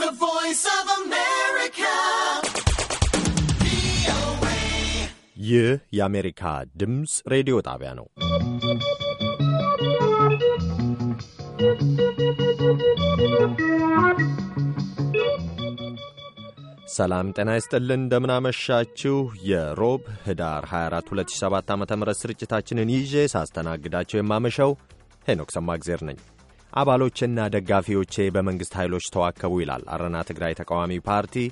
The Voice of America. ይህ የአሜሪካ ድምፅ ሬዲዮ ጣቢያ ነው። ሰላም ጤና ይስጥልን። እንደምናመሻችሁ የሮብ ህዳር 24 2007 ዓ ም ስርጭታችንን ይዤ ሳስተናግዳቸው የማመሸው ሄኖክ ሰማግዜር ነኝ። አባሎችና ደጋፊዎቼ በመንግሥት ኃይሎች ተዋከቡ ይላል አረና ትግራይ ተቃዋሚ ፓርቲ።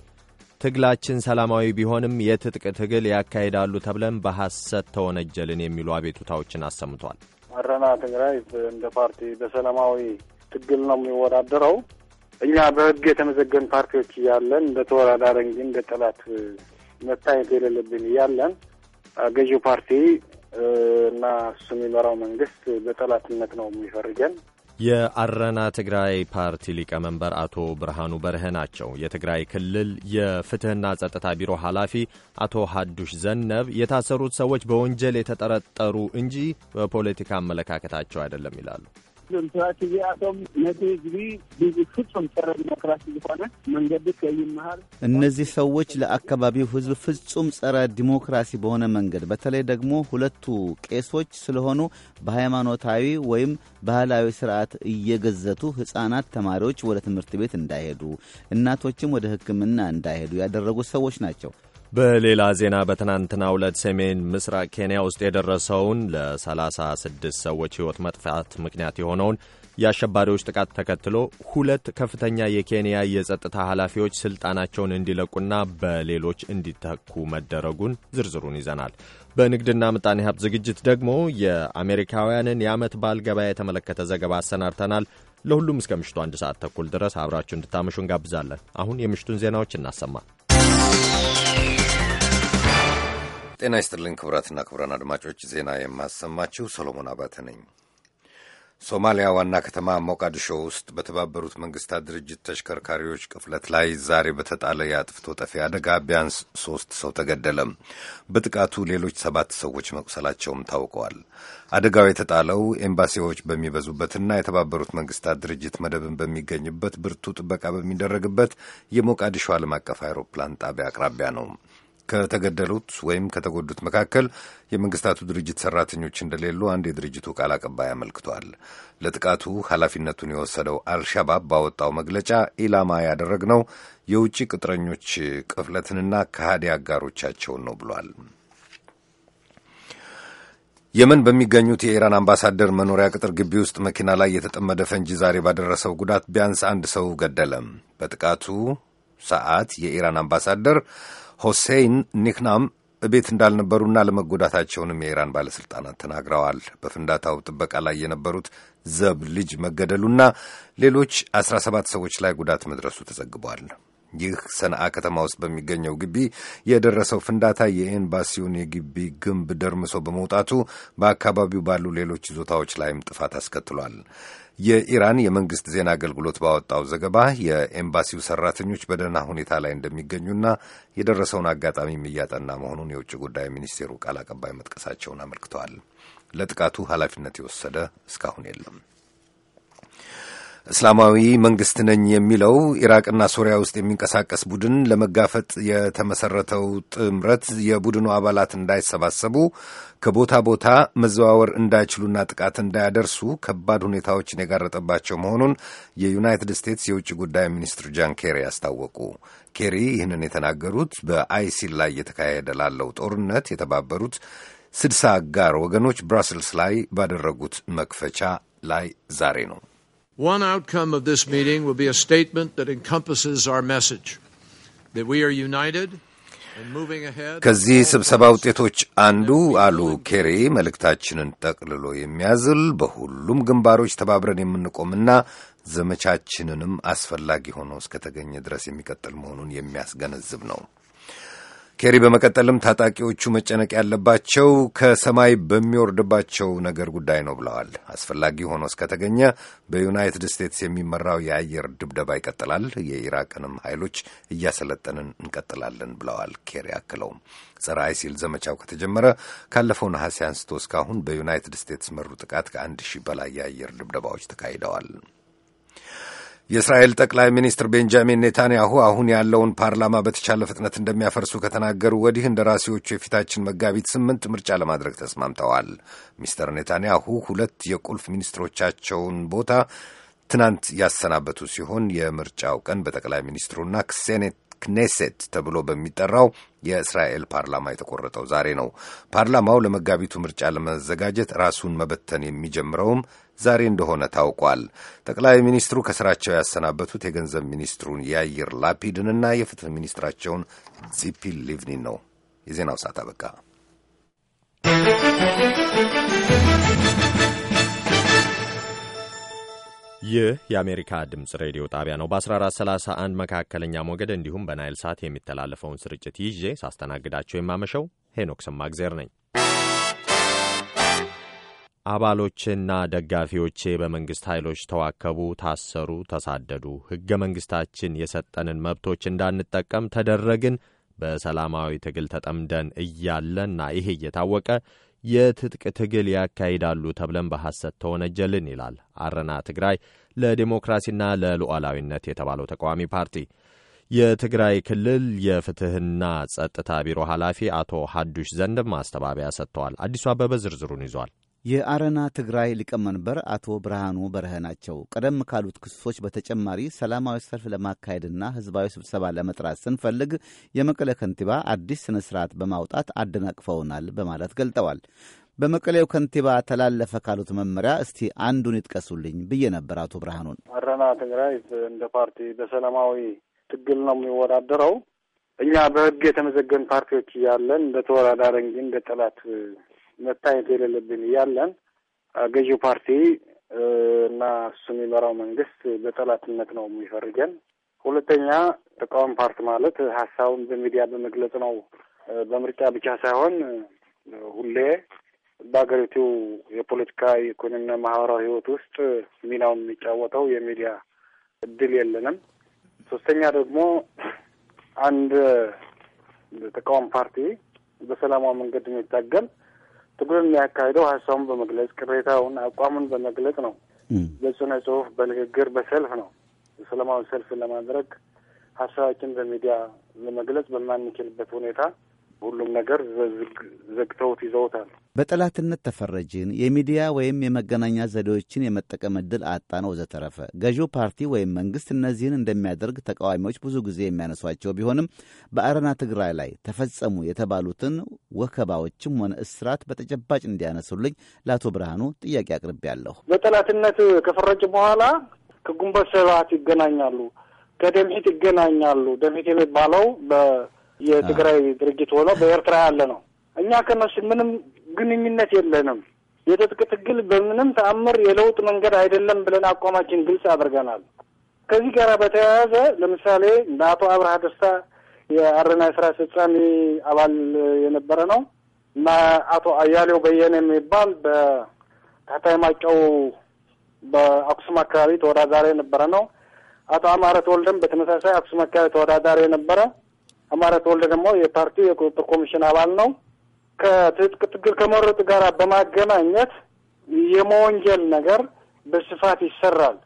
ትግላችን ሰላማዊ ቢሆንም የትጥቅ ትግል ያካሂዳሉ ተብለን በሐሰት ተወነጀልን የሚሉ አቤቱታዎችን አሰምቷል። አረና ትግራይ እንደ ፓርቲ በሰላማዊ ትግል ነው የሚወዳደረው። እኛ በሕግ የተመዘገን ፓርቲዎች እያለን እንደ ተወዳዳሪ እንጂ እንደ ጠላት መታየት የሌለብን እያለን ገዢው ፓርቲ እና እሱ የሚመራው መንግስት በጠላትነት ነው የሚፈርጀን። የአረና ትግራይ ፓርቲ ሊቀመንበር አቶ ብርሃኑ በርሀ ናቸው። የትግራይ ክልል የፍትህና ጸጥታ ቢሮ ኃላፊ አቶ ሀዱሽ ዘነብ የታሰሩት ሰዎች በወንጀል የተጠረጠሩ እንጂ በፖለቲካ አመለካከታቸው አይደለም ይላሉ። ዲሞክራሲ ዚኣቶም ነቲ ህዝቢ ፍጹም ጸረ ዲሞክራሲ ዝኾነ መንገዲ ከይመሃር እነዚህ ሰዎች ለአካባቢው ህዝብ ፍጹም ጸረ ዲሞክራሲ በሆነ መንገድ በተለይ ደግሞ ሁለቱ ቄሶች ስለሆኑ በሃይማኖታዊ ወይም ባህላዊ ስርዓት እየገዘቱ ህጻናት ተማሪዎች ወደ ትምህርት ቤት እንዳይሄዱ እናቶችም ወደ ህክምና እንዳይሄዱ ያደረጉ ሰዎች ናቸው። በሌላ ዜና በትናንትና ሁለት ሰሜን ምስራቅ ኬንያ ውስጥ የደረሰውን ለ36 ሰዎች ሕይወት መጥፋት ምክንያት የሆነውን የአሸባሪዎች ጥቃት ተከትሎ ሁለት ከፍተኛ የኬንያ የጸጥታ ኃላፊዎች ስልጣናቸውን እንዲለቁና በሌሎች እንዲተኩ መደረጉን ዝርዝሩን ይዘናል። በንግድና ምጣኔ ሀብት ዝግጅት ደግሞ የአሜሪካውያንን የዓመት በዓል ገበያ የተመለከተ ዘገባ አሰናድተናል። ለሁሉም እስከ ምሽቱ አንድ ሰዓት ተኩል ድረስ አብራችሁ እንድታመሹ እንጋብዛለን። አሁን የምሽቱን ዜናዎች እናሰማ። ጤና ይስጥልኝ ክቡራትና ክቡራን አድማጮች ዜና የማሰማችው ሰሎሞን አባተ ነኝ። ሶማሊያ ዋና ከተማ ሞቃዲሾ ውስጥ በተባበሩት መንግስታት ድርጅት ተሽከርካሪዎች ቅፍለት ላይ ዛሬ በተጣለ የአጥፍቶ ጠፊ አደጋ ቢያንስ ሶስት ሰው ተገደለም። በጥቃቱ ሌሎች ሰባት ሰዎች መቁሰላቸውም ታውቀዋል። አደጋው የተጣለው ኤምባሲዎች በሚበዙበትና የተባበሩት መንግስታት ድርጅት መደብን በሚገኝበት ብርቱ ጥበቃ በሚደረግበት የሞቃዲሾ ዓለም አቀፍ አውሮፕላን ጣቢያ አቅራቢያ ነው። ከተገደሉት ወይም ከተጎዱት መካከል የመንግስታቱ ድርጅት ሰራተኞች እንደሌሉ አንድ የድርጅቱ ቃል አቀባይ አመልክቷል። ለጥቃቱ ኃላፊነቱን የወሰደው አልሻባብ ባወጣው መግለጫ ኢላማ ያደረግነው የውጭ ቅጥረኞች ቅፍለትንና ከሃዲ አጋሮቻቸውን ነው ብሏል። የመን በሚገኙት የኢራን አምባሳደር መኖሪያ ቅጥር ግቢ ውስጥ መኪና ላይ የተጠመደ ፈንጂ ዛሬ ባደረሰው ጉዳት ቢያንስ አንድ ሰው ገደለም። በጥቃቱ ሰዓት የኢራን አምባሳደር ሆሴይን ኒክናም ቤት እንዳልነበሩና ለመጎዳታቸውንም የኢራን ባለሥልጣናት ተናግረዋል። በፍንዳታው ጥበቃ ላይ የነበሩት ዘብ ልጅ መገደሉና ሌሎች 17 ሰዎች ላይ ጉዳት መድረሱ ተዘግቧል። ይህ ሰነአ ከተማ ውስጥ በሚገኘው ግቢ የደረሰው ፍንዳታ የኤምባሲውን የግቢ ግንብ ደርምሶ በመውጣቱ በአካባቢው ባሉ ሌሎች ይዞታዎች ላይም ጥፋት አስከትሏል። የኢራን የመንግስት ዜና አገልግሎት ባወጣው ዘገባ የኤምባሲው ሰራተኞች በደህና ሁኔታ ላይ እንደሚገኙና የደረሰውን አጋጣሚም እያጠና መሆኑን የውጭ ጉዳይ ሚኒስቴሩ ቃል አቀባይ መጥቀሳቸውን አመልክተዋል። ለጥቃቱ ኃላፊነት የወሰደ እስካሁን የለም። እስላማዊ መንግስት ነኝ የሚለው ኢራቅና ሶሪያ ውስጥ የሚንቀሳቀስ ቡድን ለመጋፈጥ የተመሰረተው ጥምረት የቡድኑ አባላት እንዳይሰባሰቡ ከቦታ ቦታ መዘዋወር እንዳይችሉና ጥቃት እንዳያደርሱ ከባድ ሁኔታዎችን የጋረጠባቸው መሆኑን የዩናይትድ ስቴትስ የውጭ ጉዳይ ሚኒስትር ጃን ኬሪ አስታወቁ። ኬሪ ይህንን የተናገሩት በአይሲል ላይ እየተካሄደ ላለው ጦርነት የተባበሩት ስድሳ አጋር ወገኖች ብራስልስ ላይ ባደረጉት መክፈቻ ላይ ዛሬ ነው። One outcome of this meeting will be a statement that encompasses our message that we are united ከዚህ ስብሰባ ውጤቶች አንዱ አሉ ኬሪ መልእክታችንን ጠቅልሎ የሚያዝል በሁሉም ግንባሮች ተባብረን የምንቆምና ዘመቻችንንም አስፈላጊ ሆኖ እስከተገኘ ድረስ የሚቀጥል መሆኑን የሚያስገነዝብ ነው። ኬሪ በመቀጠልም ታጣቂዎቹ መጨነቅ ያለባቸው ከሰማይ በሚወርድባቸው ነገር ጉዳይ ነው ብለዋል። አስፈላጊ ሆኖ እስከተገኘ በዩናይትድ ስቴትስ የሚመራው የአየር ድብደባ ይቀጥላል፣ የኢራቅንም ኃይሎች እያሰለጠንን እንቀጥላለን ብለዋል። ኬሪ አክለውም ጸረ አይሲል ዘመቻው ከተጀመረ ካለፈው ነሐሴ አንስቶ እስካሁን በዩናይትድ ስቴትስ መሩ ጥቃት ከአንድ ሺህ በላይ የአየር ድብደባዎች ተካሂደዋል። የእስራኤል ጠቅላይ ሚኒስትር ቤንጃሚን ኔታንያሁ አሁን ያለውን ፓርላማ በተቻለ ፍጥነት እንደሚያፈርሱ ከተናገሩ ወዲህ እንደራሴዎቹ የፊታችን መጋቢት ስምንት ምርጫ ለማድረግ ተስማምተዋል። ሚስተር ኔታንያሁ ሁለት የቁልፍ ሚኒስትሮቻቸውን ቦታ ትናንት ያሰናበቱ ሲሆን የምርጫው ቀን በጠቅላይ ሚኒስትሩና ክሴኔት ክኔሴት ተብሎ በሚጠራው የእስራኤል ፓርላማ የተቆረጠው ዛሬ ነው። ፓርላማው ለመጋቢቱ ምርጫ ለመዘጋጀት ራሱን መበተን የሚጀምረውም ዛሬ እንደሆነ ታውቋል። ጠቅላይ ሚኒስትሩ ከስራቸው ያሰናበቱት የገንዘብ ሚኒስትሩን የአየር ላፒድንና የፍትህ ሚኒስትራቸውን ዚፒ ሊቭኒን ነው። የዜናው ሰዓት አበቃ። ይህ የአሜሪካ ድምፅ ሬዲዮ ጣቢያ ነው። በ1431 መካከለኛ ሞገድ እንዲሁም በናይል ሳት የሚተላለፈውን ስርጭት ይዤ ሳስተናግዳቸው የማመሸው ሄኖክ ሰማግዜር ነኝ። አባሎቼና ደጋፊዎቼ በመንግሥት ኃይሎች ተዋከቡ፣ ታሰሩ፣ ተሳደዱ፣ ሕገ መንግሥታችን የሰጠንን መብቶች እንዳንጠቀም ተደረግን፣ በሰላማዊ ትግል ተጠምደን እያለና ይሄ እየታወቀ የትጥቅ ትግል ያካሂዳሉ ተብለን በሐሰት ተወነጀልን ይላል አረና ትግራይ ለዲሞክራሲና ለሉዓላዊነት የተባለው ተቃዋሚ ፓርቲ። የትግራይ ክልል የፍትሕና ጸጥታ ቢሮ ኃላፊ አቶ ሀዱሽ ዘንድ ማስተባበያ ሰጥተዋል። አዲሱ አበበ ዝርዝሩን ይዟል። የአረና ትግራይ ሊቀመንበር አቶ ብርሃኑ በረኸ ናቸው። ቀደም ካሉት ክሶች በተጨማሪ ሰላማዊ ሰልፍ ለማካሄድና ሕዝባዊ ስብሰባ ለመጥራት ስንፈልግ የመቀለ ከንቲባ አዲስ ስነ ስርዓት በማውጣት አደናቅፈውናል በማለት ገልጠዋል። በመቀሌው ከንቲባ ተላለፈ ካሉት መመሪያ እስቲ አንዱን ይጥቀሱልኝ ብዬ ነበር አቶ ብርሃኑን። አረና ትግራይ እንደ ፓርቲ በሰላማዊ ትግል ነው የሚወዳደረው። እኛ በህግ የተመዘገን ፓርቲዎች እያለን እንደ ተወዳዳሪ እንጂ እንደ ጠላት መታየት የሌለብን እያለን ገዢው ፓርቲ እና እሱ የሚመራው መንግስት በጠላትነት ነው የሚፈርገን ሁለተኛ ተቃዋሚ ፓርቲ ማለት ሀሳቡን በሚዲያ በመግለጽ ነው፣ በምርጫ ብቻ ሳይሆን ሁሌ በሀገሪቱ የፖለቲካ የኢኮኖሚና ማህበራዊ ህይወት ውስጥ ሚናውን የሚጫወተው የሚዲያ እድል የለንም። ሶስተኛ ደግሞ አንድ ተቃዋሚ ፓርቲ በሰላማዊ መንገድ የሚታገል ትግሉ የሚያካሂደው ሀሳቡን በመግለጽ ቅሬታውን፣ አቋሙን በመግለጽ ነው። በጽነ ጽሁፍ፣ በንግግር፣ በሰልፍ ነው። ሰላማዊ ሰልፍ ለማድረግ ሀሳባችን በሚዲያ ለመግለጽ በማንችልበት ሁኔታ ሁሉም ነገር ዘግተውት ይዘውታል። በጠላትነት ተፈረጅን፣ የሚዲያ ወይም የመገናኛ ዘዴዎችን የመጠቀም እድል አጣን፣ ወዘተረፈ። ገዢው ፓርቲ ወይም መንግሥት እነዚህን እንደሚያደርግ ተቃዋሚዎች ብዙ ጊዜ የሚያነሷቸው ቢሆንም በአረና ትግራይ ላይ ተፈጸሙ የተባሉትን ወከባዎችም ሆነ እስራት በተጨባጭ እንዲያነሱልኝ ለአቶ ብርሃኑ ጥያቄ አቅርቤያለሁ። በጠላትነት ከፈረጅ በኋላ ከግንቦት ሰባት ይገናኛሉ፣ ከደምሂት ይገናኛሉ። ደምሂት የሚባለው የትግራይ ድርጅት ሆኖ በኤርትራ ያለ ነው። እኛ ከነሱ ምንም ግንኙነት የለንም። የትጥቅ ትግል በምንም ተአምር የለውጥ መንገድ አይደለም ብለን አቋማችን ግልጽ አድርገናል። ከዚህ ጋር በተያያዘ ለምሳሌ እንደ አቶ አብርሃ ደስታ የአረና የስራ አስፈጻሚ አባል የነበረ ነው እና አቶ አያሌው በየነ የሚባል በታታይ ማጫው በአክሱም አካባቢ ተወዳዳሪ የነበረ ነው። አቶ አማረ ተወልደም በተመሳሳይ አክሱም አካባቢ ተወዳዳሪ የነበረ አማራ ተወልደ ደግሞ የፓርቲው የቁጥጥር ኮሚሽን አባል ነው። ከትጥቅ ትግል ጋር በማገናኘት የመወንጀል ነገር በስፋት ይሰራል።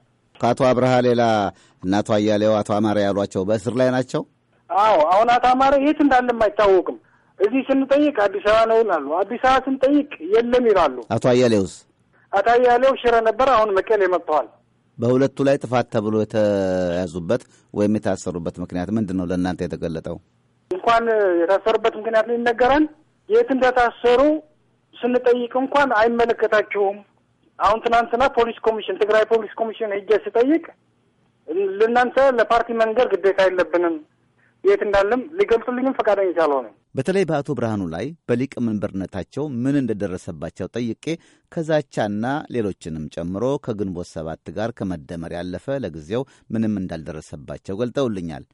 ከአቶ አብርሃ ሌላ እና አቶ አያሌው አቶ አማረ ያሏቸው በእስር ላይ ናቸው። አዎ አሁን አቶ አማረ የት እንዳለም አይታወቅም። እዚህ ስንጠይቅ አዲስ አበባ ነው ይላሉ። አዲስ አበባ ስንጠይቅ የለም ይላሉ። አቶ አያሌውስ? አቶ አያሌው ሽረ ነበር፣ አሁን መቀሌ መጥተዋል። በሁለቱ ላይ ጥፋት ተብሎ የተያዙበት ወይም የታሰሩበት ምክንያት ምንድን ነው? ለእናንተ የተገለጠው እንኳን የታሰሩበት ምክንያት ይነገራል። የት እንደታሰሩ ስንጠይቅ እንኳን አይመለከታችሁም። አሁን ትናንትና ፖሊስ ኮሚሽን ትግራይ ፖሊስ ኮሚሽን ሄጄ ስጠይቅ ለእናንተ ለፓርቲ መንገድ ግዴታ የለብንም የት እንዳለም ሊገልጹልኝም ፈቃደኝ ሳልሆነ በተለይ በአቶ ብርሃኑ ላይ በሊቀ መንበርነታቸው ምን እንደደረሰባቸው ጠይቄ ከዛቻና ሌሎችንም ጨምሮ ከግንቦት ሰባት ጋር ከመደመር ያለፈ ለጊዜው ምንም እንዳልደረሰባቸው ገልጠውልኛል።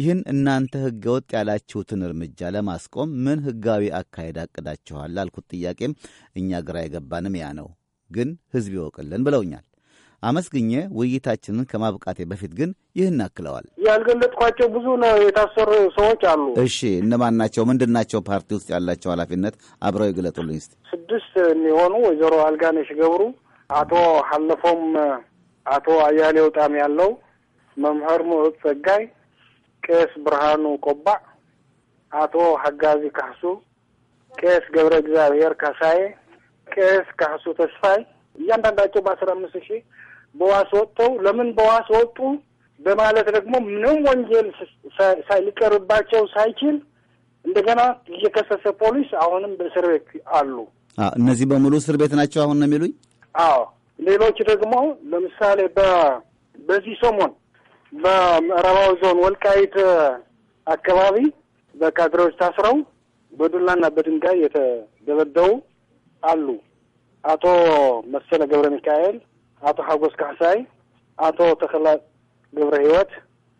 ይህን እናንተ ወጥ ያላችሁትን እርምጃ ለማስቆም ምን ሕጋዊ አካሄድ አቅዳችኋል? አልኩት። ጥያቄም እኛ ግራ የገባንም ያ ነው፣ ግን ሕዝብ ይወቅልን ብለውኛል። አመስግኘ ውይይታችንን ከማብቃቴ በፊት ግን ይህን አክለዋል። ያልገለጥኳቸው ብዙ የታሰሩ ሰዎች አሉ። እሺ እነማን ናቸው? ምንድን ናቸው? ፓርቲ ውስጥ ያላቸው ኃላፊነት አብረው ይግለጡልኝ እስኪ። ስድስት የሚሆኑ ወይዘሮ አልጋነሽ ገብሩ፣ አቶ ሀለፎም፣ አቶ አያሌው ጣም ያለው፣ መምህር ምሁት ጸጋይ፣ ቄስ ብርሃኑ ቆባ አቶ ሀጋዚ ካህሱ፣ ቄስ ገብረ እግዚአብሔር ካሳዬ፣ ቄስ ካህሱ ተስፋይ እያንዳንዳቸው በአስራ አምስት ሺህ በዋስ ወጥተው ለምን በዋስ ወጡ በማለት ደግሞ ምንም ወንጀል ሊቀርብባቸው ሳይችል እንደገና እየከሰሰ ፖሊስ አሁንም በእስር ቤት አሉ። እነዚህ በሙሉ እስር ቤት ናቸው አሁን ነው የሚሉኝ? አዎ። ሌሎች ደግሞ ለምሳሌ በዚህ ሰሞን በምዕራባዊ ዞን ወልቃይት አካባቢ በካድሬዎች ታስረው በዱላና በድንጋይ የተደበደቡ አሉ። አቶ መሰለ ገብረ ሚካኤል አቶ ሀጎስ ካህሳይ፣ አቶ ተክላ ግብረ ህይወት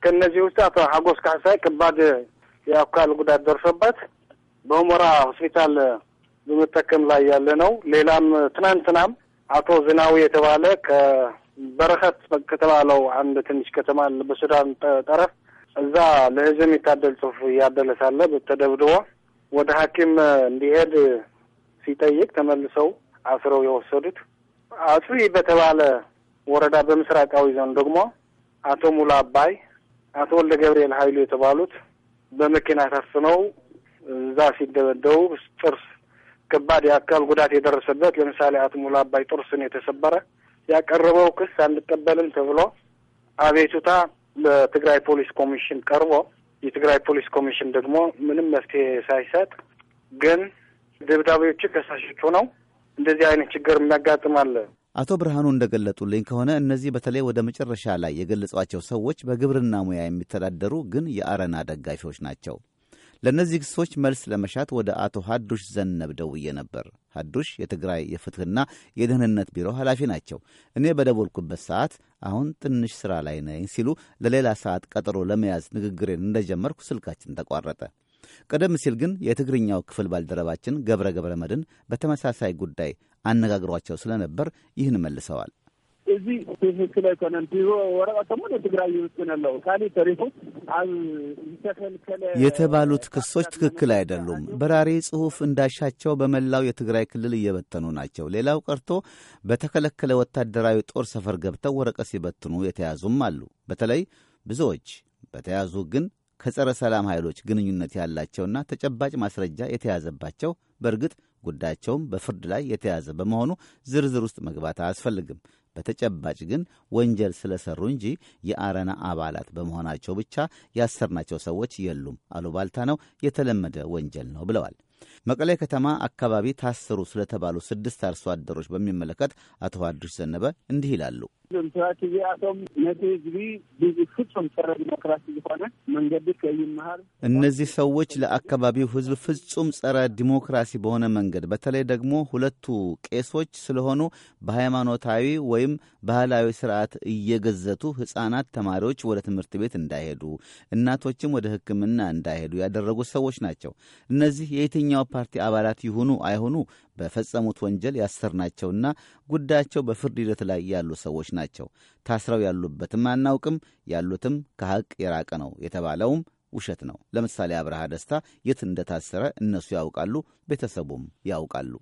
ከእነዚህ ውስጥ አቶ ሀጎስ ካሳይ ከባድ የአካል ጉዳት ደርሶበት በሁመራ ሆስፒታል በመጠቀም ላይ ያለ ነው። ሌላም ትናንትናም አቶ ዝናዊ የተባለ ከበረከት ከተባለው አንድ ትንሽ ከተማ በሱዳን ጠረፍ እዛ ለህዝብ የሚታደል ጽሁፍ እያደለ ሳለ ተደብድቦ ወደ ሐኪም እንዲሄድ ሲጠይቅ ተመልሰው አስረው የወሰዱት አጹይ በተባለ ወረዳ በምስራቃዊ ዞን ደግሞ አቶ ሙላ አባይ፣ አቶ ወልደ ገብርኤል ሀይሉ የተባሉት በመኪና ታፍነው እዛ ሲደበደቡ ጥርስ ከባድ የአካል ጉዳት የደረሰበት ለምሳሌ አቶ ሙላ አባይ ጥርስን የተሰበረ ያቀረበው ክስ አንቀበልም ተብሎ አቤቱታ ለትግራይ ፖሊስ ኮሚሽን ቀርቦ የትግራይ ፖሊስ ኮሚሽን ደግሞ ምንም መፍትሄ ሳይሰጥ ግን ደብዳቤዎቹ ከሳሾች ነው እንደዚህ አይነት ችግር የሚያጋጥማለ። አቶ ብርሃኑ እንደገለጡልኝ ከሆነ እነዚህ በተለይ ወደ መጨረሻ ላይ የገለጿቸው ሰዎች በግብርና ሙያ የሚተዳደሩ ግን የአረና ደጋፊዎች ናቸው። ለእነዚህ ክሶች መልስ ለመሻት ወደ አቶ ሀዱሽ ዘነብ ደውዬ ነበር። ሀዱሽ የትግራይ የፍትህና የደህንነት ቢሮ ኃላፊ ናቸው። እኔ በደወልኩበት ሰዓት አሁን ትንሽ ሥራ ላይ ነኝ ሲሉ ለሌላ ሰዓት ቀጠሮ ለመያዝ ንግግሬን እንደጀመርኩ ስልካችን ተቋረጠ። ቀደም ሲል ግን የትግርኛው ክፍል ባልደረባችን ገብረ ገብረ መድን በተመሳሳይ ጉዳይ አነጋግሯቸው ስለነበር ይህን መልሰዋል። እዚ ትክክል ቢሮ ወረቀት ሞ ትግራይ ይውስን ኣለው ካሊእ ተሪፉ ኣብ ዝተከልከለ የተባሉት ክሶች ትክክል አይደሉም። በራሪ ጽሑፍ እንዳሻቸው በመላው የትግራይ ክልል እየበተኑ ናቸው። ሌላው ቀርቶ በተከለከለ ወታደራዊ ጦር ሰፈር ገብተው ወረቀት ሲበትኑ የተያዙም አሉ። በተለይ ብዙዎች በተያዙ ግን ከጸረ ሰላም ኃይሎች ግንኙነት ያላቸውና ተጨባጭ ማስረጃ የተያዘባቸው በእርግጥ ጉዳያቸውም በፍርድ ላይ የተያዘ በመሆኑ ዝርዝር ውስጥ መግባት አያስፈልግም። በተጨባጭ ግን ወንጀል ስለሰሩ እንጂ የአረና አባላት በመሆናቸው ብቻ ያሰርናቸው ሰዎች የሉም፣ አሉባልታ ነው፣ የተለመደ ወንጀል ነው ብለዋል። መቀሌ ከተማ አካባቢ ታሰሩ ስለተባሉ ስድስት አርሶ አደሮች በሚመለከት አቶ ሀዱሽ ዘነበ እንዲህ ይላሉ። ዲሞክራሲ እዚኣቶም ነቲ ህዝቢ ብፍጹም ፀረ ዲሞክራሲ ዝኾነ መንገዲ ከይመሃር እነዚህ ሰዎች ለአካባቢው ህዝብ ፍጹም ጸረ ዲሞክራሲ በሆነ መንገድ በተለይ ደግሞ ሁለቱ ቄሶች ስለሆኑ በሃይማኖታዊ ወይም ባህላዊ ስርዓት እየገዘቱ ህፃናት ተማሪዎች ወደ ትምህርት ቤት እንዳይሄዱ፣ እናቶችም ወደ ህክምና እንዳይሄዱ ያደረጉ ሰዎች ናቸው። እነዚህ የየትኛው ፓርቲ አባላት ይሁኑ አይሁኑ በፈጸሙት ወንጀል ያሰርናቸውና ጉዳያቸው በፍርድ ሂደት ላይ ያሉ ሰዎች ናቸው። ታስረው ያሉበትም አናውቅም፣ ያሉትም ከሐቅ የራቀ ነው የተባለውም ውሸት ነው። ለምሳሌ አብርሃ ደስታ የት እንደታሰረ እነሱ ያውቃሉ፣ ቤተሰቡም ያውቃሉ።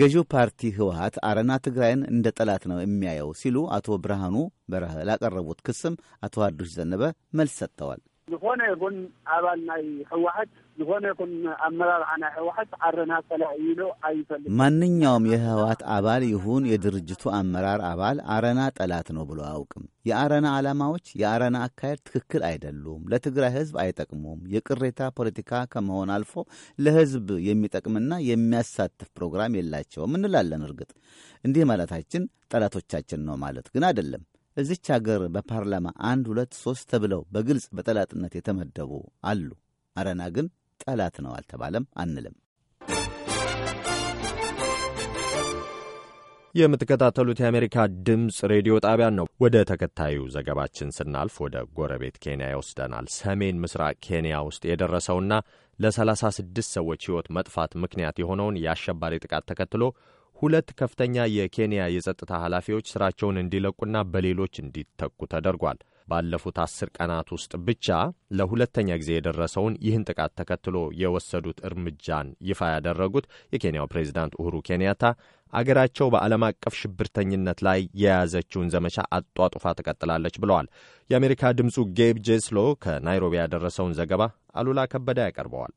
ገዢው ፓርቲ ህወሀት አረና ትግራይን እንደ ጠላት ነው የሚያየው ሲሉ አቶ ብርሃኑ በረሀ ላቀረቡት ክስም አቶ አዱሽ ዘነበ መልስ ሰጥተዋል። ዝኾነ ይኹን ኣባል ናይ ህወሓት ዝኾነ ይኹን ኣመራርሓ ናይ ህወሓት ዓረና ፈላእ ኢሉ ኣይፈልጥ። ማንኛውም የህወሓት አባል ይሁን የድርጅቱ አመራር አባል አረና ጠላት ነው ብሎ አያውቅም። የአረና ዓላማዎች፣ የአረና አካሄድ ትክክል አይደሉም፣ ለትግራይ ህዝብ አይጠቅሙም። የቅሬታ ፖለቲካ ከመሆን አልፎ ለህዝብ የሚጠቅምና የሚያሳትፍ ፕሮግራም የላቸውም እንላለን። እርግጥ እንዲህ ማለታችን ጠላቶቻችን ነው ማለት ግን አይደለም። እዚች አገር በፓርላማ አንድ ሁለት ሦስት ተብለው በግልጽ በጠላትነት የተመደቡ አሉ። አረና ግን ጠላት ነው አልተባለም አንልም። የምትከታተሉት የአሜሪካ ድምፅ ሬዲዮ ጣቢያን ነው። ወደ ተከታዩ ዘገባችን ስናልፍ ወደ ጎረቤት ኬንያ ይወስደናል። ሰሜን ምስራቅ ኬንያ ውስጥ የደረሰውና ለ36 ሰዎች ሕይወት መጥፋት ምክንያት የሆነውን የአሸባሪ ጥቃት ተከትሎ ሁለት ከፍተኛ የኬንያ የጸጥታ ኃላፊዎች ሥራቸውን እንዲለቁና በሌሎች እንዲተኩ ተደርጓል። ባለፉት አስር ቀናት ውስጥ ብቻ ለሁለተኛ ጊዜ የደረሰውን ይህን ጥቃት ተከትሎ የወሰዱት እርምጃን ይፋ ያደረጉት የኬንያው ፕሬዚዳንት ኡሁሩ ኬንያታ አገራቸው በዓለም አቀፍ ሽብርተኝነት ላይ የያዘችውን ዘመቻ አጧጡፋ ትቀጥላለች ብለዋል። የአሜሪካ ድምፁ ጌብ ጄስሎ ከናይሮቢ ያደረሰውን ዘገባ አሉላ ከበዳ ያቀርበዋል።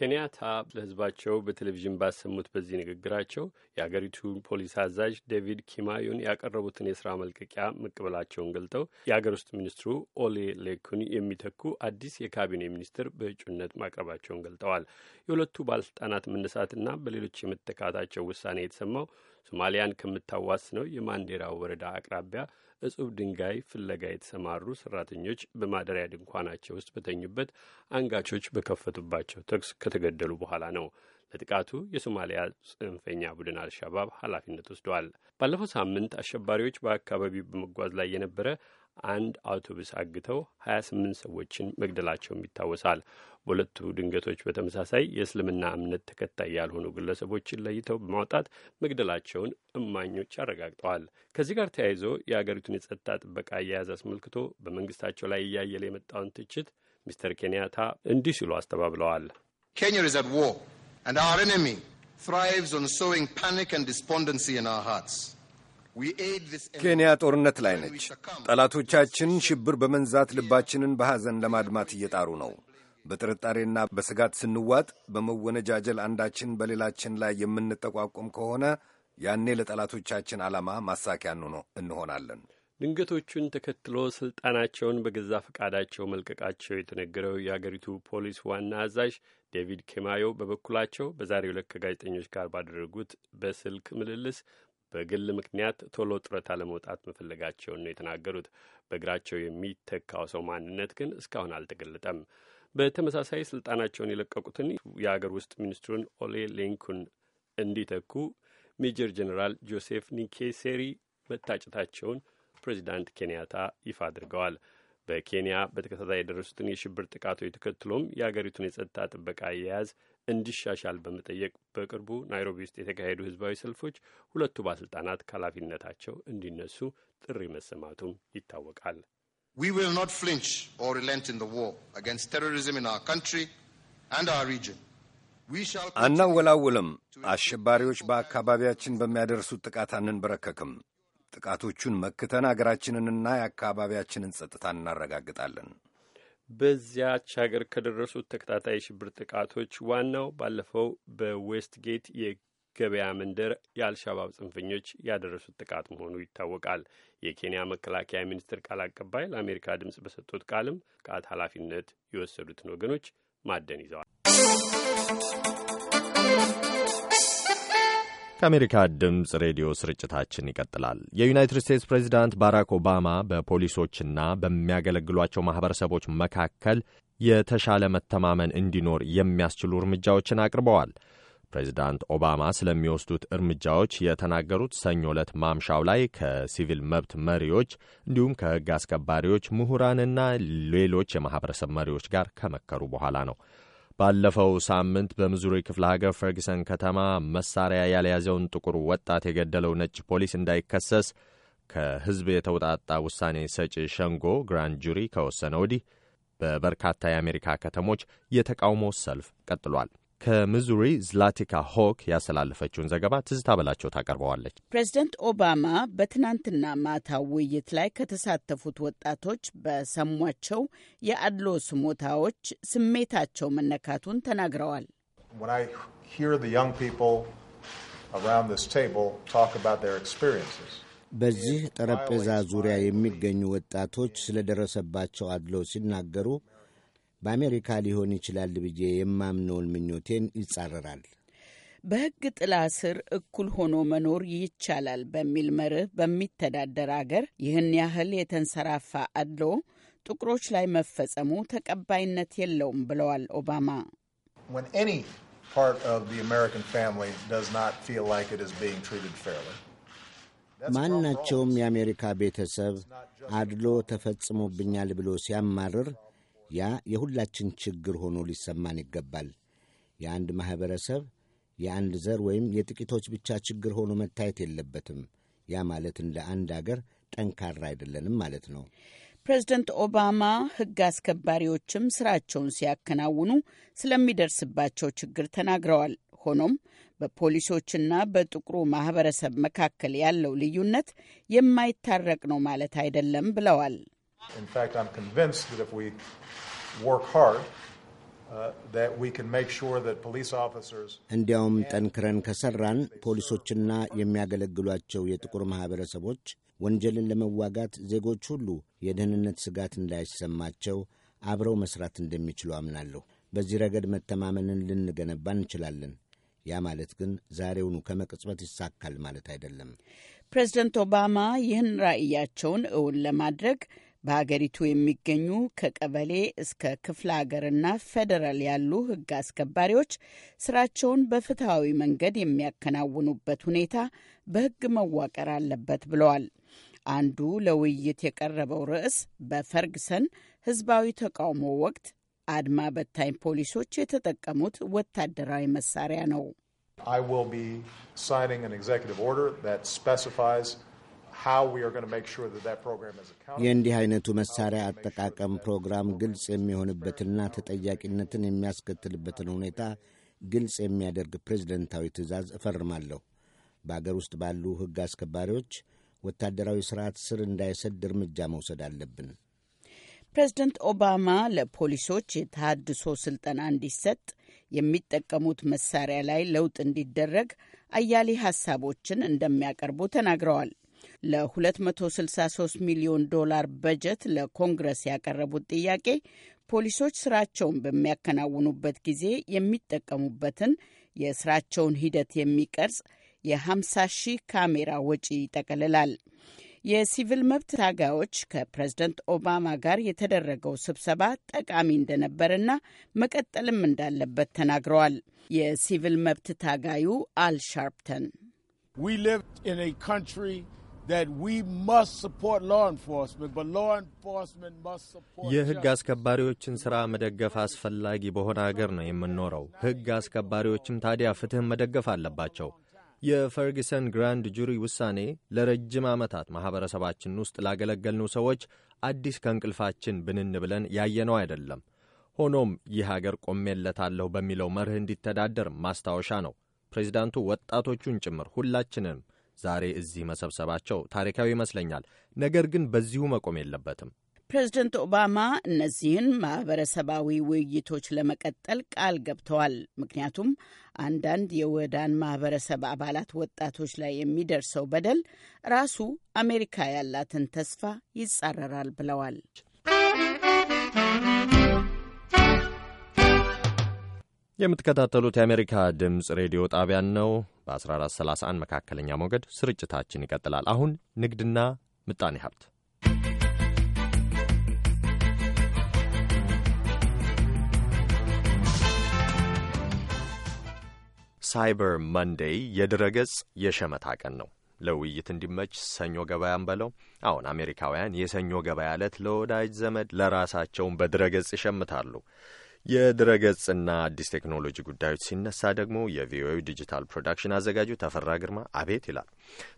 ኬንያታ ለህዝባቸው በቴሌቪዥን ባሰሙት በዚህ ንግግራቸው የአገሪቱ ፖሊስ አዛዥ ዴቪድ ኪማዩን ያቀረቡትን የስራ መልቀቂያ መቀበላቸውን ገልጠው የአገር ውስጥ ሚኒስትሩ ኦሌ ሌኩን የሚተኩ አዲስ የካቢኔ ሚኒስትር በእጩነት ማቅረባቸውን ገልጠዋል። የሁለቱ ባለስልጣናት መነሳትና በሌሎች የመተካታቸው ውሳኔ የተሰማው ሶማሊያን ከምታዋስነው የማንዴራ ወረዳ አቅራቢያ እጹብ ድንጋይ ፍለጋ የተሰማሩ ሰራተኞች በማደሪያ ድንኳናቸው ውስጥ በተኙበት አንጋቾች በከፈቱባቸው ተኩስ ከተገደሉ በኋላ ነው። ለጥቃቱ የሶማሊያ ጽንፈኛ ቡድን አልሻባብ ኃላፊነት ወስደዋል። ባለፈው ሳምንት አሸባሪዎች በአካባቢው በመጓዝ ላይ የነበረ አንድ አውቶቡስ አግተው 28 ሰዎችን መግደላቸውም ይታወሳል። በሁለቱ ድንገቶች በተመሳሳይ የእስልምና እምነት ተከታይ ያልሆኑ ግለሰቦችን ለይተው በማውጣት መግደላቸውን እማኞች አረጋግጠዋል። ከዚህ ጋር ተያይዞ የአገሪቱን የጸጥታ ጥበቃ አያያዝ አስመልክቶ በመንግስታቸው ላይ እያየለ የመጣውን ትችት ሚስተር ኬንያታ እንዲህ ሲሉ አስተባብለዋል። ኬንያ ኢዝ ዋር ኤንድ አወር ኤኒሚ ሶዊንግ ፓኒክ ዲስፖንደንሲ ሃርትስ ኬንያ ጦርነት ላይ ነች። ጠላቶቻችን ሽብር በመንዛት ልባችንን በሐዘን ለማድማት እየጣሩ ነው። በጥርጣሬና በስጋት ስንዋጥ በመወነጃጀል አንዳችን በሌላችን ላይ የምንጠቋቁም ከሆነ ያኔ ለጠላቶቻችን ዓላማ ማሳኪያ እንሆናለን። ድንገቶቹን ተከትሎ ስልጣናቸውን በገዛ ፈቃዳቸው መልቀቃቸው የተነገረው የአገሪቱ ፖሊስ ዋና አዛዥ ዴቪድ ኬማዮ በበኩላቸው በዛሬው ዕለት ከጋዜጠኞች ጋር ባደረጉት በስልክ ምልልስ በግል ምክንያት ቶሎ ጡረታ ለመውጣት መፈለጋቸውን ነው የተናገሩት። በእግራቸው የሚተካው ሰው ማንነት ግን እስካሁን አልተገለጠም። በተመሳሳይ ስልጣናቸውን የለቀቁትን የአገር ውስጥ ሚኒስትሩን ኦሌ ሌንኩን እንዲተኩ ሜጀር ጀኔራል ጆሴፍ ኒኬሴሪ መታጨታቸውን ፕሬዚዳንት ኬንያታ ይፋ አድርገዋል። በኬንያ በተከታታይ የደረሱትን የሽብር ጥቃቶች ተከትሎም የአገሪቱን የጸጥታ ጥበቃ አያያዝ እንዲሻሻል በመጠየቅ በቅርቡ ናይሮቢ ውስጥ የተካሄዱ ህዝባዊ ሰልፎች ሁለቱ ባለስልጣናት ከኃላፊነታቸው እንዲነሱ ጥሪ መሰማቱም ይታወቃል። We will not flinch or relent in the war against terrorism in our country and our region. አናወላውልም። አሸባሪዎች በአካባቢያችን በሚያደርሱት ጥቃት አንንበረከክም። ጥቃቶቹን መክተን አገራችንንና የአካባቢያችንን ጸጥታ እናረጋግጣለን። በዚያች ሀገር ከደረሱት ተከታታይ የሽብር ጥቃቶች ዋናው ባለፈው በዌስትጌት የገበያ መንደር የአልሻባብ ጽንፈኞች ያደረሱት ጥቃት መሆኑ ይታወቃል። የኬንያ መከላከያ ሚኒስትር ቃል አቀባይ ለአሜሪካ ድምፅ በሰጡት ቃልም ጥቃት ኃላፊነት የወሰዱትን ወገኖች ማደን ይዘዋል። ከአሜሪካ ድምፅ ሬዲዮ ስርጭታችን ይቀጥላል። የዩናይትድ ስቴትስ ፕሬዚዳንት ባራክ ኦባማ በፖሊሶችና በሚያገለግሏቸው ማኅበረሰቦች መካከል የተሻለ መተማመን እንዲኖር የሚያስችሉ እርምጃዎችን አቅርበዋል። ፕሬዚዳንት ኦባማ ስለሚወስዱት እርምጃዎች የተናገሩት ሰኞ ዕለት ማምሻው ላይ ከሲቪል መብት መሪዎች እንዲሁም ከሕግ አስከባሪዎች፣ ምሁራንና ሌሎች የማኅበረሰብ መሪዎች ጋር ከመከሩ በኋላ ነው። ባለፈው ሳምንት በምዙሪ ክፍለ ሀገር ፈርግሰን ከተማ መሳሪያ ያልያዘውን ጥቁር ወጣት የገደለው ነጭ ፖሊስ እንዳይከሰስ ከሕዝብ የተውጣጣ ውሳኔ ሰጪ ሸንጎ ግራንድ ጁሪ ከወሰነ ወዲህ በበርካታ የአሜሪካ ከተሞች የተቃውሞ ሰልፍ ቀጥሏል። ከሚዙሪ ዝላቲካ ሆክ ያስተላለፈችውን ዘገባ ትዝታ በላቸው ታቀርበዋለች። ፕሬዚደንት ኦባማ በትናንትና ማታ ውይይት ላይ ከተሳተፉት ወጣቶች በሰሟቸው የአድሎ ስሞታዎች ስሜታቸው መነካቱን ተናግረዋል። በዚህ ጠረጴዛ ዙሪያ የሚገኙ ወጣቶች ስለደረሰባቸው አድሎ ሲናገሩ በአሜሪካ ሊሆን ይችላል ብዬ የማምነውን ምኞቴን ይጻረራል። በሕግ ጥላ ስር እኩል ሆኖ መኖር ይቻላል በሚል መርህ በሚተዳደር አገር ይህን ያህል የተንሰራፋ አድሎ ጥቁሮች ላይ መፈጸሙ ተቀባይነት የለውም ብለዋል ኦባማ። ማናቸውም የአሜሪካ ቤተሰብ አድሎ ተፈጽሞብኛል ብሎ ሲያማርር ያ የሁላችን ችግር ሆኖ ሊሰማን ይገባል። የአንድ ማኅበረሰብ የአንድ ዘር ወይም የጥቂቶች ብቻ ችግር ሆኖ መታየት የለበትም። ያ ማለት እንደ አንድ አገር ጠንካራ አይደለንም ማለት ነው። ፕሬዝደንት ኦባማ ሕግ አስከባሪዎችም ስራቸውን ሲያከናውኑ ስለሚደርስባቸው ችግር ተናግረዋል። ሆኖም በፖሊሶችና በጥቁሩ ማህበረሰብ መካከል ያለው ልዩነት የማይታረቅ ነው ማለት አይደለም ብለዋል። In fact, I'm convinced that if we work hard, uh, እንዲያውም ጠንክረን ከሰራን ፖሊሶችና የሚያገለግሏቸው የጥቁር ማኅበረሰቦች ወንጀልን ለመዋጋት ዜጎች ሁሉ የደህንነት ስጋት እንዳይሰማቸው አብረው መሥራት እንደሚችሉ አምናለሁ። በዚህ ረገድ መተማመንን ልንገነባ እንችላለን። ያ ማለት ግን ዛሬውኑ ከመቅጽበት ይሳካል ማለት አይደለም። ፕሬዝደንት ኦባማ ይህን ራዕያቸውን እውን ለማድረግ በሀገሪቱ የሚገኙ ከቀበሌ እስከ ክፍለ ሀገርና ፌዴራል ያሉ ህግ አስከባሪዎች ስራቸውን በፍትሐዊ መንገድ የሚያከናውኑበት ሁኔታ በሕግ መዋቀር አለበት ብለዋል። አንዱ ለውይይት የቀረበው ርዕስ በፈርግሰን ህዝባዊ ተቃውሞ ወቅት አድማ በታኝ ፖሊሶች የተጠቀሙት ወታደራዊ መሳሪያ ነው። I will be signing an executive order that specifies የእንዲህ አይነቱ መሳሪያ አጠቃቀም ፕሮግራም ግልጽ የሚሆንበትና ተጠያቂነትን የሚያስከትልበትን ሁኔታ ግልጽ የሚያደርግ ፕሬዝደንታዊ ትእዛዝ እፈርማለሁ። በአገር ውስጥ ባሉ ሕግ አስከባሪዎች ወታደራዊ ስርዓት ስር እንዳይሰድ እርምጃ መውሰድ አለብን። ፕሬዝደንት ኦባማ ለፖሊሶች የተሃድሶ ስልጠና እንዲሰጥ የሚጠቀሙት መሳሪያ ላይ ለውጥ እንዲደረግ አያሌ ሀሳቦችን እንደሚያቀርቡ ተናግረዋል። ለ263 ሚሊዮን ዶላር በጀት ለኮንግረስ ያቀረቡት ጥያቄ ፖሊሶች ስራቸውን በሚያከናውኑበት ጊዜ የሚጠቀሙበትን የስራቸውን ሂደት የሚቀርጽ የ50 ሺህ ካሜራ ወጪ ይጠቀልላል። የሲቪል መብት ታጋዮች ከፕሬዝደንት ኦባማ ጋር የተደረገው ስብሰባ ጠቃሚ እንደነበርና መቀጠልም እንዳለበት ተናግረዋል። የሲቪል መብት ታጋዩ አል ሻርፕተን We live in a country የሕግ አስከባሪዎችን ሥራ መደገፍ አስፈላጊ በሆነ አገር ነው የምንኖረው። ሕግ አስከባሪዎችም ታዲያ ፍትሕን መደገፍ አለባቸው። የፈርግሰን ግራንድ ጁሪ ውሳኔ ለረጅም ዓመታት ማኅበረሰባችን ውስጥ ላገለገልኑ ሰዎች አዲስ ከእንቅልፋችን ብንን ብለን ያየነው አይደለም። ሆኖም ይህ አገር ቆሜለታለሁ በሚለው መርህ እንዲተዳደር ማስታወሻ ነው። ፕሬዚዳንቱ ወጣቶቹን ጭምር ሁላችንም ዛሬ እዚህ መሰብሰባቸው ታሪካዊ ይመስለኛል። ነገር ግን በዚሁ መቆም የለበትም። ፕሬዝደንት ኦባማ እነዚህን ማህበረሰባዊ ውይይቶች ለመቀጠል ቃል ገብተዋል። ምክንያቱም አንዳንድ የወዳን ማህበረሰብ አባላት ወጣቶች ላይ የሚደርሰው በደል ራሱ አሜሪካ ያላትን ተስፋ ይጻረራል ብለዋል። የምትከታተሉት የአሜሪካ ድምፅ ሬዲዮ ጣቢያን ነው። በ1431 መካከለኛ ሞገድ ስርጭታችን ይቀጥላል። አሁን ንግድና ምጣኔ ሀብት ሳይበር መንዴይ የድረገጽ የሸመታ ቀን ነው። ለውይይት እንዲመች ሰኞ ገበያን በለው። አሁን አሜሪካውያን የሰኞ ገበያ ዕለት ለወዳጅ ዘመድ ለራሳቸውን በድረገጽ ይሸምታሉ። የድረገጽና አዲስ ቴክኖሎጂ ጉዳዮች ሲነሳ ደግሞ የቪኦኤ ዲጂታል ፕሮዳክሽን አዘጋጁ ተፈራ ግርማ አቤት ይላል።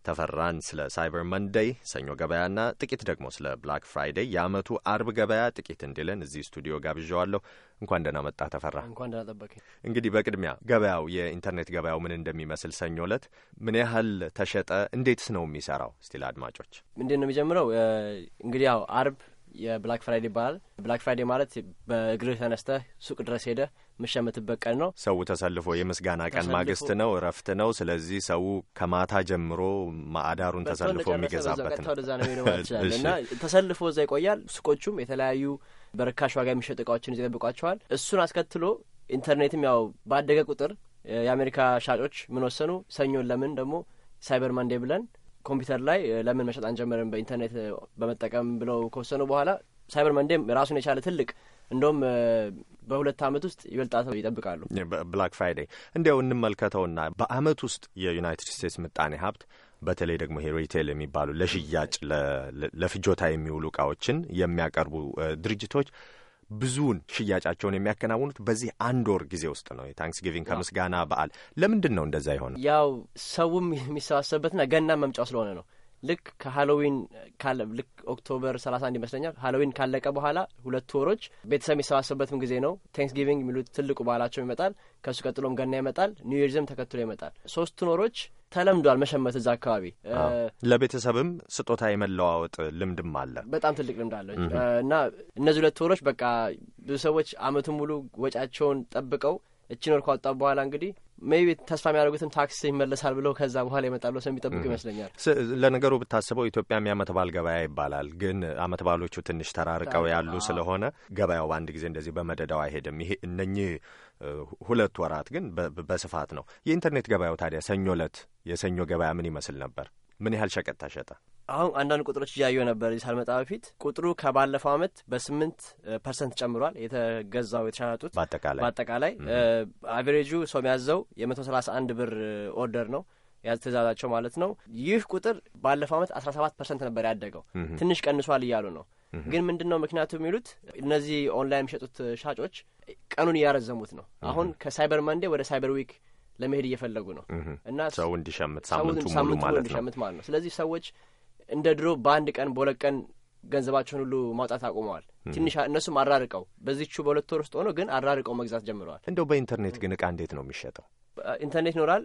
ተፈራን ስለ ሳይበር መንደይ ሰኞ ገበያና ጥቂት ደግሞ ስለ ብላክ ፍራይዴይ የአመቱ አርብ ገበያ ጥቂት እንዲለን እዚህ ስቱዲዮ ጋብዣዋለሁ። እንኳን ደህና መጣ ተፈራ። እንኳን ደህና እንግዲህ በቅድሚያ ገበያው የኢንተርኔት ገበያው ምን እንደሚመስል ሰኞ እለት ምን ያህል ተሸጠ፣ እንዴትስ ነው የሚሰራው? ስቲል አድማጮች ምንድን ነው የሚጀምረው እንግዲህ ያው አርብ የብላክ ፍራይዴ ይባላል። ብላክ ፍራይዴ ማለት በእግር ተነስተ ሱቅ ድረስ ሄደ ምሸምትበት ቀን ነው። ሰው ተሰልፎ የምስጋና ቀን ማግስት ነው፣ እረፍት ነው። ስለዚህ ሰው ከማታ ጀምሮ ማዕዳሩን ተሰልፎ የሚገዛበት ነው። ወደዛ ነው እና ተሰልፎ እዛ ይቆያል። ሱቆቹም የተለያዩ በርካሽ ዋጋ የሚሸጡ እቃዎችን ይጠብቋቸዋል። እሱን አስከትሎ ኢንተርኔትም ያው ባደገ ቁጥር የአሜሪካ ሻጮች ምን ወሰኑ፣ ሰኞን ለምን ደግሞ ሳይበር ማንዴ ብለን ኮምፒውተር ላይ ለምን መሸጥ አንጀምርም በኢንተርኔት በመጠቀም ብለው ከወሰኑ በኋላ ሳይበር መንዴም ራሱን የቻለ ትልቅ እንደውም በሁለት አመት ውስጥ ይበልጣተው ይጠብቃሉ። ብላክ ፍራይዴ እንዲያው እንመልከተውና በአመት ውስጥ የዩናይትድ ስቴትስ ምጣኔ ሀብት በተለይ ደግሞ ይሄ የሚባሉ ለሽያጭ ለፍጆታ የሚውሉ እቃዎችን የሚያቀርቡ ድርጅቶች ብዙውን ሽያጫቸውን የሚያከናውኑት በዚህ አንድ ወር ጊዜ ውስጥ ነው። የታንክስጊቪንግ ከምስጋና በዓል ለምንድን ነው እንደዛ የሆነ? ያው ሰውም የሚሰባሰብበትና ገና መምጫው ስለሆነ ነው። ልክ ከሀሎዊን ልክ ኦክቶበር ሰላሳ አንድ ይመስለኛል ሀሎዊን ካለቀ በኋላ ሁለቱ ወሮች ቤተሰብ የሚሰባሰብበትም ጊዜ ነው። ቴንክስጊቪንግ የሚሉት ትልቁ በዓላቸው ይመጣል። ከእሱ ቀጥሎም ገና ይመጣል። ኒው ይርዝም ተከትሎ ይመጣል። ሶስቱን ወሮች ተለምዷል መሸመት። እዛ አካባቢ ለቤተሰብም ስጦታ የመለዋወጥ ልምድም አለ። በጣም ትልቅ ልምድ አለ እና እነዚህ ሁለት ወሮች በቃ ብዙ ሰዎች አመቱን ሙሉ ወጫቸውን ጠብቀው እችን ወር ካወጣ በኋላ እንግዲህ ሜይ ተስፋ የሚያደርጉትም ታክስ ይመለሳል ብለው ከዛ በኋላ ይመጣል ብለው ስለሚጠብቁ ይመስለኛል። ለነገሩ ብታስበው ኢትዮጵያም የአመት በዓል ገበያ ይባላል። ግን አመት በዓሎቹ ትንሽ ተራርቀው ያሉ ስለሆነ ገበያው በአንድ ጊዜ እንደዚህ በመደዳው አይሄድም። ይሄ እነኚህ ሁለት ወራት ግን በስፋት ነው። የኢንተርኔት ገበያው ታዲያ ሰኞ ዕለት የሰኞ ገበያ ምን ይመስል ነበር? ምን ያህል ሸቀጥ ተሸጠ? አሁን አንዳንድ ቁጥሮች እያየሁ ነበር ሳልመጣ በፊት ቁጥሩ ከባለፈው አመት በስምንት ፐርሰንት ጨምሯል። የተገዛው የተሻጡት በአጠቃላይ በአጠቃላይ አቨሬጁ ሰው የሚያዘው የመቶ ሰላሳ አንድ ብር ኦርደር ነው ያዝ ትእዛዛቸው ማለት ነው። ይህ ቁጥር ባለፈው አመት አስራ ሰባት ፐርሰንት ነበር ያደገው ትንሽ ቀንሷል እያሉ ነው። ግን ምንድን ነው ምክንያቱ የሚሉት እነዚህ ኦንላይን የሚሸጡት ሻጮች ቀኑን እያረዘሙት ነው። አሁን ከሳይበር መንዴ ወደ ሳይበር ዊክ ለመሄድ እየፈለጉ ነው እና ሰው እንዲሸምት ሳምንቱ ሙሉ ማለት ነው። ስለዚህ ሰዎች እንደ ድሮ በአንድ ቀን በሁለት ቀን ገንዘባቸውን ሁሉ ማውጣት አቁመዋል። ትንሽ እነሱም አራርቀው በዚቹ በሁለት ወር ውስጥ ሆኖ ግን አራርቀው መግዛት ጀምረዋል። እንደው በኢንተርኔት ግን እቃ እንዴት ነው የሚሸጠው? ኢንተርኔት ይኖራል።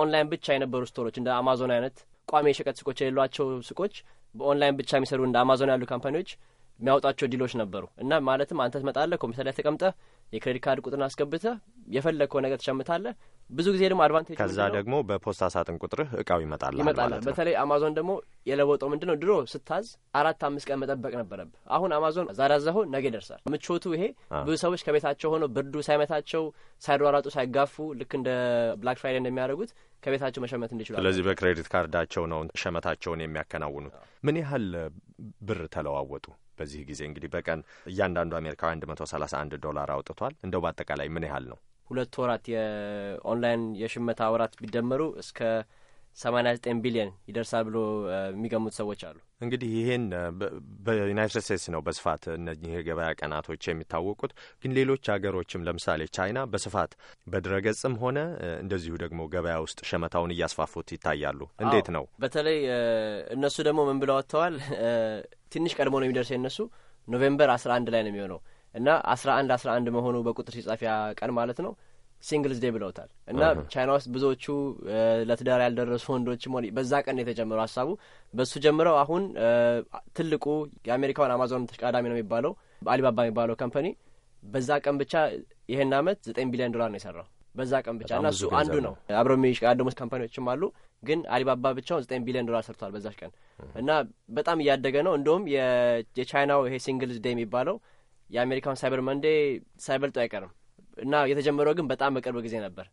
ኦንላይን ብቻ የነበሩ ስቶሮች እንደ አማዞን አይነት ቋሚ የሸቀጥ ሱቆች የሌሏቸው ሱቆች በኦንላይን ብቻ የሚሰሩ እንደ አማዞን ያሉ ካምፓኒዎች የሚያወጣቸው ዲሎች ነበሩ እና ማለትም አንተ ትመጣለህ፣ ኮምፒውተር ላይ ተቀምጠህ የክሬዲት ካርድ ቁጥርን አስገብተህ የፈለግከው ነገር ትሸምታለህ። ብዙ ጊዜ ደግሞ አድቫንቴጅ ከዛ ደግሞ በፖስታ ሳጥን ቁጥርህ እቃው ይመጣል ይመጣል። በተለይ አማዞን ደግሞ የለወጠው ምንድን ነው? ድሮ ስታዝ አራት አምስት ቀን መጠበቅ ነበረብ። አሁን አማዞን ዛሬ አዘኸው ነገ ይደርሳል። ምቾቱ ይሄ ብዙ ሰዎች ከቤታቸው ሆነው ብርዱ ሳይመታቸው ሳይሯሯጡ፣ ሳይጋፉ ልክ እንደ ብላክ ፍራይዴ እንደሚያደርጉት ከቤታቸው መሸመት እንዲችሉ ስለዚህ በክሬዲት ካርዳቸው ነው ሸመታቸውን የሚያከናውኑት። ምን ያህል ብር ተለዋወጡ? በዚህ ጊዜ እንግዲህ በቀን እያንዳንዱ አሜሪካዊ አንድ ዶላር አውጥቷል። እንደው በአጠቃላይ ምን ያህል ነው ሁለት ወራት የኦንላይን የሽመታ ወራት ቢደመሩ እስከ ሰማኒያ ዘጠኝ ቢሊዮን ይደርሳል ብሎ የሚገሙት ሰዎች አሉ። እንግዲህ ይህን በዩናይትድ ስቴትስ ነው በስፋት እነዚህ የገበያ ቀናቶች የሚታወቁት። ግን ሌሎች ሀገሮችም ለምሳሌ ቻይና በስፋት በድረገጽም ሆነ እንደዚሁ ደግሞ ገበያ ውስጥ ሸመታውን እያስፋፉት ይታያሉ። እንዴት ነው? በተለይ እነሱ ደግሞ ምን ብለው ወጥተዋል? ትንሽ ቀድሞ ነው የሚደርሰው የእነሱ ኖቬምበር አስራ አንድ ላይ ነው የሚሆነው እና አስራ አንድ አስራ አንድ መሆኑ በቁጥር ሲጻፊያ ቀን ማለት ነው ሲንግልስ ዴ ብለውታል። እና ቻይና ውስጥ ብዙዎቹ ለትዳር ያልደረሱ ወንዶችም ሆ በዛ ቀን የተጀመረው ሀሳቡ በሱ ጀምረው አሁን ትልቁ የአሜሪካውን አማዞን ተሽቃዳሚ ነው የሚባለው አሊባባ የሚባለው ካምፓኒ በዛ ቀን ብቻ ይህን አመት ዘጠኝ ቢሊዮን ዶላር ነው የሰራው በዛ ቀን ብቻ እና እሱ አንዱ ነው። አብረው የሚሽቀዳደሙ ካምፓኒዎችም አሉ፣ ግን አሊባባ ብቻውን ዘጠኝ ቢሊዮን ዶላር ሰርቷል በዛች ቀን እና በጣም እያደገ ነው። እንደውም የቻይናው ይሄ ሲንግልስ ዴ የሚባለው የአሜሪካውን ሳይበር መንዴ ሳይበልጡ አይቀርም እና የተጀመረው ግን በጣም በቅርብ ጊዜ ነበር።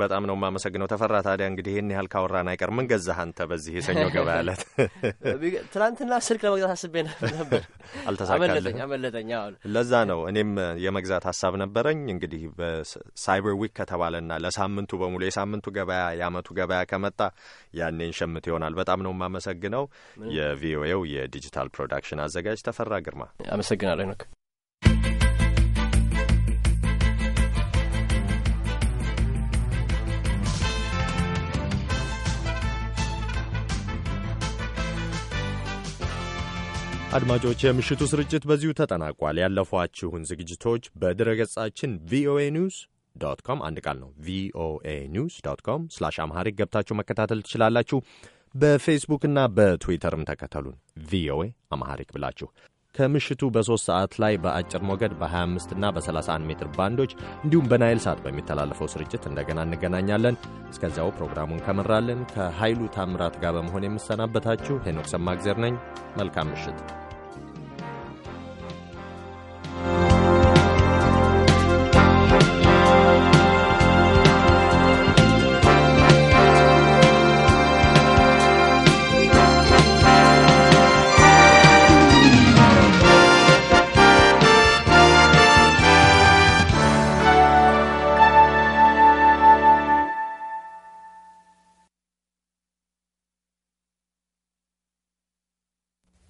በጣም ነው የማመሰግነው ተፈራ። ታዲያ እንግዲህ ይህን ያህል ካወራን አይቀር ምን ገዛህ አንተ በዚህ የሰኞ ገበያ ዕለት? ትናንትና ስልክ ለመግዛት አስቤ ነበር፣ አልተሳካልኝ አመለጠኝ። ለዛ ነው እኔም የመግዛት ሀሳብ ነበረኝ። እንግዲህ በሳይበር ዊክ ከተባለና ለሳምንቱ በሙሉ የሳምንቱ ገበያ የአመቱ ገበያ ከመጣ ያኔን ሸምት ይሆናል። በጣም ነው የማመሰግነው የቪኦኤው የዲጂታል ፕሮዳክሽን አዘጋጅ ተፈራ ግርማ። አመሰግናለሁ ነክ አድማጮች፣ የምሽቱ ስርጭት በዚሁ ተጠናቋል። ያለፏችሁን ዝግጅቶች በድረገጻችን ቪኦኤ ኒውስ ዶት ኮም አንድ ቃል ነው ቪኦኤ ኒውስ ዶት ኮም ስላሽ አምሃሪክ ገብታችሁ መከታተል ትችላላችሁ። በፌስቡክና በትዊተርም ተከተሉን ቪኦኤ አምሃሪክ ብላችሁ ከምሽቱ በሦስት ሰዓት ላይ በአጭር ሞገድ በ25 እና በ31 ሜትር ባንዶች እንዲሁም በናይል ሳት በሚተላለፈው ስርጭት እንደገና እንገናኛለን። እስከዚያው ፕሮግራሙን ከመራለን ከኃይሉ ታምራት ጋር በመሆን የምሰናበታችሁ ሄኖክ ሰማግዜር ነኝ። መልካም ምሽት።